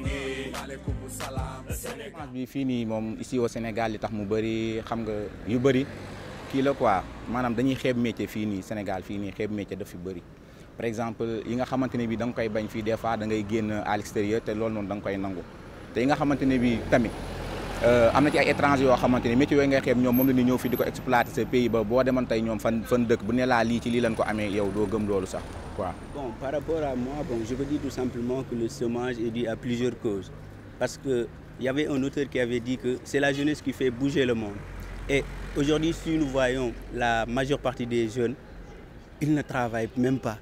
maaleykum salaam Sénégal bi fii nii moom ici au Sénégal yi tax mu bëri xam nga yu bëri kii la quoi maanaam dañuy xeeb métier fii nii Sénégal fii nii xeeb métier daf fi bëri par exemple yi nga xamante ne bi da nga koy bañ fii des fois da ngay génn à l'extérieur te loolu noonu da nga koy nangu te yi nga xamante bi tamit Euh, amna exploiter ce pays bon par rapport à moi bon je veux dire tout simplement que le chômage est dû à plusieurs causes parce que il y avait un auteur qui avait dit que c'est la jeunesse qui fait bouger le monde et aujourd'hui si nous voyons la majeure partie des jeunes ils ne travaillent même pas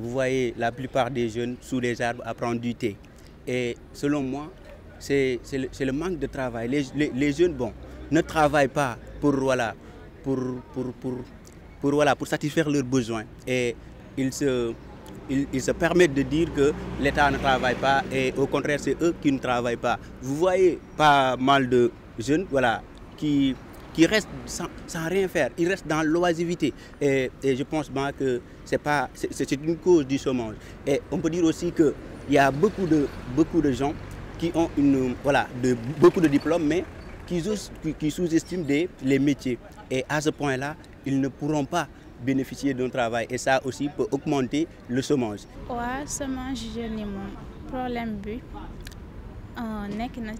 vous voyez la plupart des jeunes sous les arbres à prendre du thé et selon moi c'est le, manque de travail. Les, jeunes, bon, ne travaillent pas pour, voilà, pour, pour, voilà, pour satisfaire leurs besoins. Et ils se, ils, se permettent de dire que l'État ne travaille pas et au contraire, c'est eux qui ne travaillent pas. Vous voyez pas mal de jeunes voilà, qui, qui restent sans, rien faire. Ils restent dans l'oisivité. Et, je pense ben, que c'est une cause du chômage. Et on peut dire aussi qu'il y a beaucoup de, beaucoup de gens qui ont une, voilà, de, beaucoup de diplômes, mais qui, qui sous-estiment les métiers. Et à ce point-là, ils ne pourront pas bénéficier d'un travail. Et ça aussi peut augmenter le chômage. Oui, chômage, je n'ai pas problème.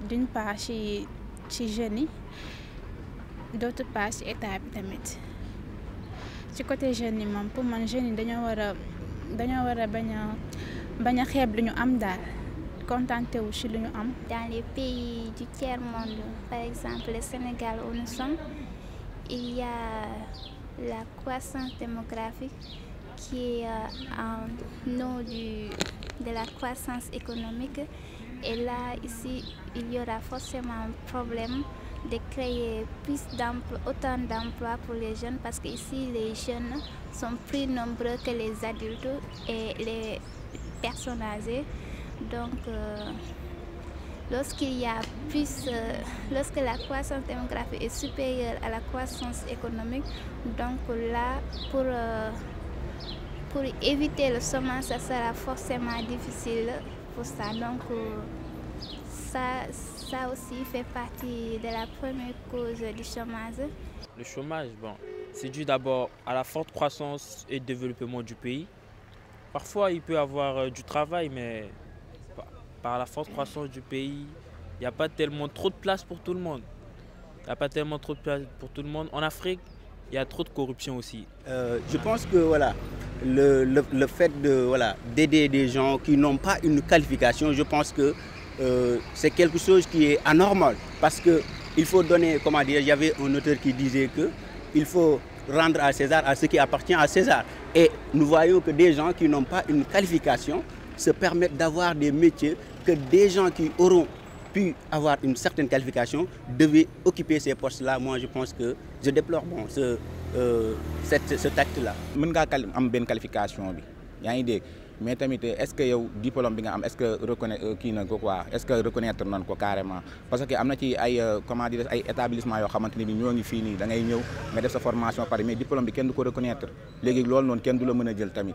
D'une part, je les jeunes, d'autre part, chez l'État. ci côté jeunes yi pour man jeunes yi dañoo war a des war pour bañ il faut que am dans les pays du tiers monde par exemple le Sénégal où nous sommes il y a la croissance démographique qui est euh, en nom de la croissance économique et là ici il y aura forcément un problème de créer plus d'emplois, autant d'emplois pour les jeunes parce que les jeunes sont plus nombreux que les adultes et les personnes âgées. Donc, euh, lorsqu'il y a plus, euh, lorsque la croissance démographique est supérieure à la croissance économique, donc là, pour, euh, pour éviter le chômage, ça sera forcément difficile pour ça. Donc, ça, ça aussi fait partie de la première cause du chômage. Le chômage, bon, c'est dû d'abord à la forte croissance et développement du pays. Parfois, il peut y avoir du travail, mais par la forte croissance du pays, il n'y a pas tellement trop de place pour tout le monde. Il n'y a pas tellement trop de place pour tout le monde. En Afrique, il y a trop de corruption aussi. Euh, je pense que voilà, le, fait de voilà d'aider des gens qui n'ont pas une qualification, je pense que euh, c'est quelque chose qui est anormal parce qu'il faut donner comment dire. Il y avait un auteur qui disait que il faut rendre à César ce qui appartient à César. Et nous voyons que des gens qui n'ont pas une qualification se permettent d'avoir des métiers que des gens qui auront pu avoir une certaine qualification devaient occuper ces postes-là. Moi, je pense que je déplore bon, ce, euh, cet, cet acte-là. mën ngaa kal am benn qualification bi a ngi idée. mais tamit est-ce que yow diplôme bi nga am est-ce que reconnaître euh, quoi est-ce que reconnaître non quoi carrément parce que amna ci ay euh, comment dire ay établissement yo xamanteni ni bi ñoo ngi fi ni da ngay ñëw mais def sa formation par mais diplôme bi kenn du ko reconnaître légui lool non kenn du la mëna jël tamit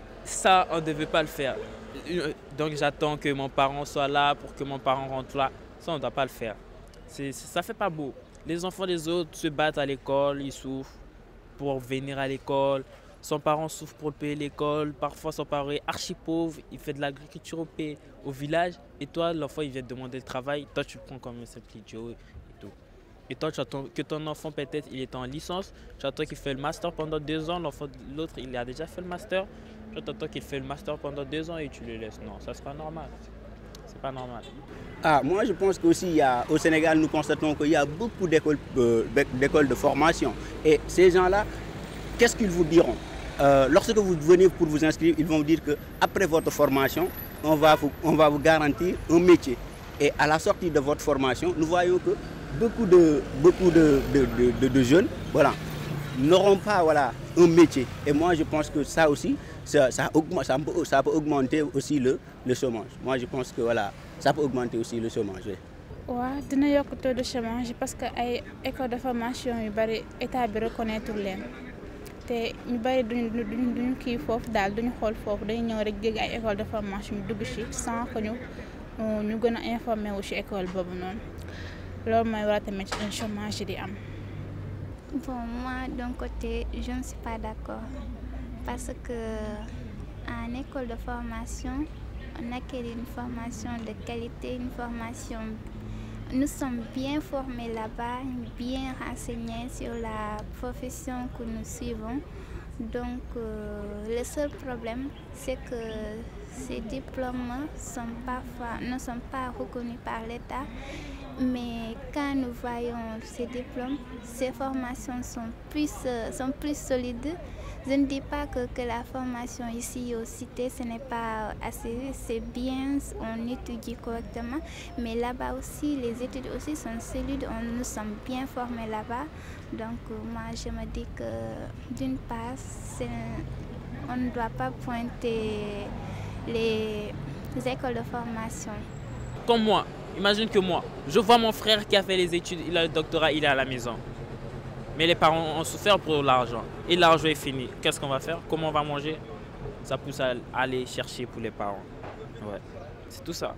ça, on ne devait pas le faire. Euh, donc j'attends que mon parent soit là pour que mon parent rentre là. Ça, on ne doit pas le faire. C'est, ça fait pas beau. Les enfants des autres se battent à l'école, ils souffrent pour venir à l'école. Son parent souffre pour payer l'école. Parfois, son parent est archi pauvre, il fait de l'agriculture au pays, au village. Et toi, l'enfant, il vient te demander le travail. Toi, tu prends comme un simple idiot et tout. Et toi, tu attends que ton enfant, peut-être, il est en licence. Tu attends qu'il fait le master pendant deux ans. L'enfant, l'autre, il a déjà fait le master. Toi, toi, qu'il qui le master pendant deux ans et tu le laisses. Non, ça sera normal. C'est pas normal. Ah, moi, je pense qu'aussi, au Sénégal, nous constatons qu'il y a beaucoup euh, d'écoles de formation. Et ces gens-là, qu'est-ce qu'ils vous diront euh, Lorsque vous venez pour vous inscrire, ils vont vous dire qu'après votre formation, on va, vous, on va vous garantir un métier. Et à la sortie de votre formation, nous voyons que beaucoup de, beaucoup de jeunes voilà, n'auront pas voilà, un métier. Et moi, je pense que ça aussi, ça, ça, augmente, ça, peut, ça peut, augmenter aussi le, le chômage. Moi, je pense que voilà, ça peut augmenter aussi le chômage. Oui. waaw dina yokk taux de chômage parce que ay école de formation yu bari état bi reconnaître leen té ñu bari duñ duñ ki foofu dal duñ xol foofu day ñëw rek jéggi ay école de formation yu dugg ci sans que ñu euh, ñu gëna a informé wu ci école boobu noonu loolu mooy waral tamit chômage di am. Bon, moi, d'un côté, je ne suis pas d'accord. Parce que une école de formation, on a une formation de qualité, une formation. Nous sommes bien formés là-bas, bien renseignés sur la profession que nous suivons. Donc, euh, le seul problème, c'est que ces diplômes ne sont pas reconnus par l'État, mais quand nous voyons ces diplômes, ces formations sont plus, euh, solides. Je ne dis pas que, la formation ici au Cité, ce n'est pas assez, c'est bien, on étudie correctement, mais là-bas aussi, les études aussi sont solides, on, nous sommes bien formés là-bas. Donc euh, moi, je me dis que d'une part, on ne doit pas pointer les écoles de formation. Comme moi, imagine que moi, je vois mon frère qui a fait les études, il a le doctorat, il est à la maison. Mais les parents ont souffert pour l'argent. Et l'argent est fini. Qu'est-ce qu'on va faire Comment on va manger Ça pousse à aller chercher pour les parents. C'est tout ça.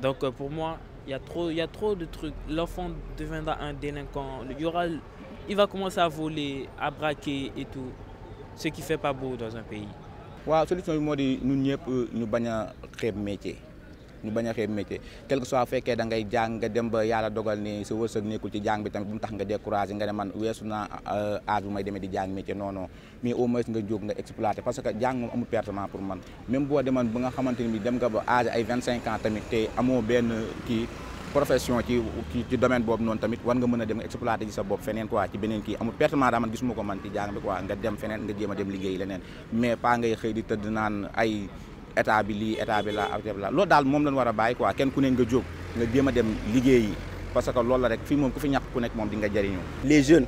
Donc euh, pour moi, il y, a trop, trop de trucs. L'enfant deviendra un délinquant. Il, il va commencer à voler, à braquer et tout. Ce qui fait pas beau dans un pays. waaw solution bi moo di ñun ñëpp ñu bañ a xeeb métier ñu bañ a xeeb quel que soit fekkee da ngay jàng nga dem ba yàlla dogal ni sa wërsëg nekkul ci jàng bi tamit bu mu tax nga découragé nga dem man weesu naa euh, âge bu demee di jàng métier non mais au moins nga jóg nga exploité parce que jàng moom amul pertement pour man même boo demoon ba nga xamante ni bi dem nga ba âge ay vingt cinq ans tamit te amoo benn kii profession ci ci domaine boobu non tamit war nga mën dem nga exploiter ci sa bopp fenen quoi ci benen ki amul pertement dama man gisuma man ci jàng bi quoi nga dem fenen nga jéem dem liggéey lenen mais pa ngay xey di teud nan ay état bi li état bi la ak la lo dal mom lañ wara bay quoi ken ku ne nga jog nga jéem dem liggéeyi parce que loolu la rek fi mom ku fi ñak ku nek mom di nga jëriñoo. les jeunes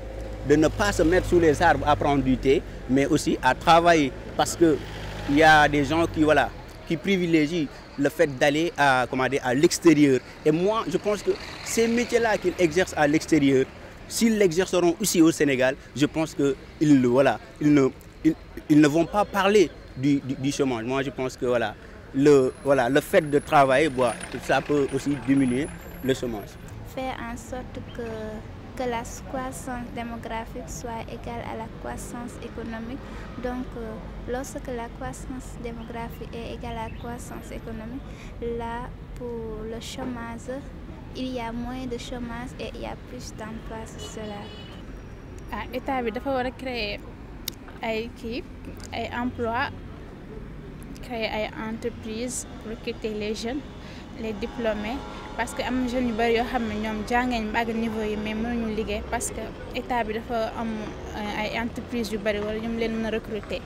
de ne pas se mettre sous les arbres à prendre du thé mais aussi à travailler parce que il y a des gens qui voilà qui privilégient le fait d'aller à, à l'extérieur. Et moi, je pense que ces métiers-là qu'ils exercent à l'extérieur, s'ils l'exerceront aussi au Sénégal, je pense qu'ils voilà, ils ne, ils, ne vont pas parler du, chômage. Moi, je pense que voilà, le, voilà, le fait de travailler, tout ça peut aussi diminuer le chômage. Faire en sorte que que la croissance démographique soit égale à la croissance économique. Donc, euh, lorsque la croissance démographique est égale à la croissance économique, là, pour le chômage, il y a moins de chômage et il y a plus d'emplois sur cela. L'État ah, état il créer et équipes, emploi créer entreprise entreprises recruter les jeunes les diplômés parce que am na jeunes yu bëri yoo xam ne ñoom jàngee ñu niveau yi mais ñu liggé parce que état bi dafa am euh, ay entreprise yu bari wala recruter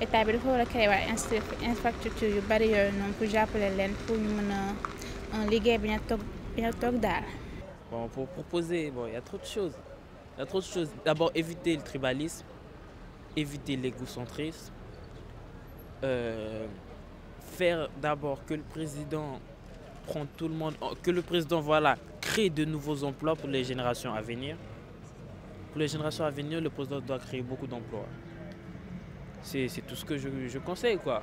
état bi dafa wara créer wa infrastructure yu bari yo pour jappeler leen pour ñu mëna euh, bi Bon, pour proposer, bon, il y a trop de choses. Il y a trop de choses. D'abord, éviter le tribalisme, éviter l'égocentrisme, euh, faire d'abord que le président tout le monde, que le président voilà, crée de nouveaux emplois pour les générations à venir. Pour les générations à venir, le président doit créer beaucoup d'emplois. C'est tout ce que je, je conseille. quoi.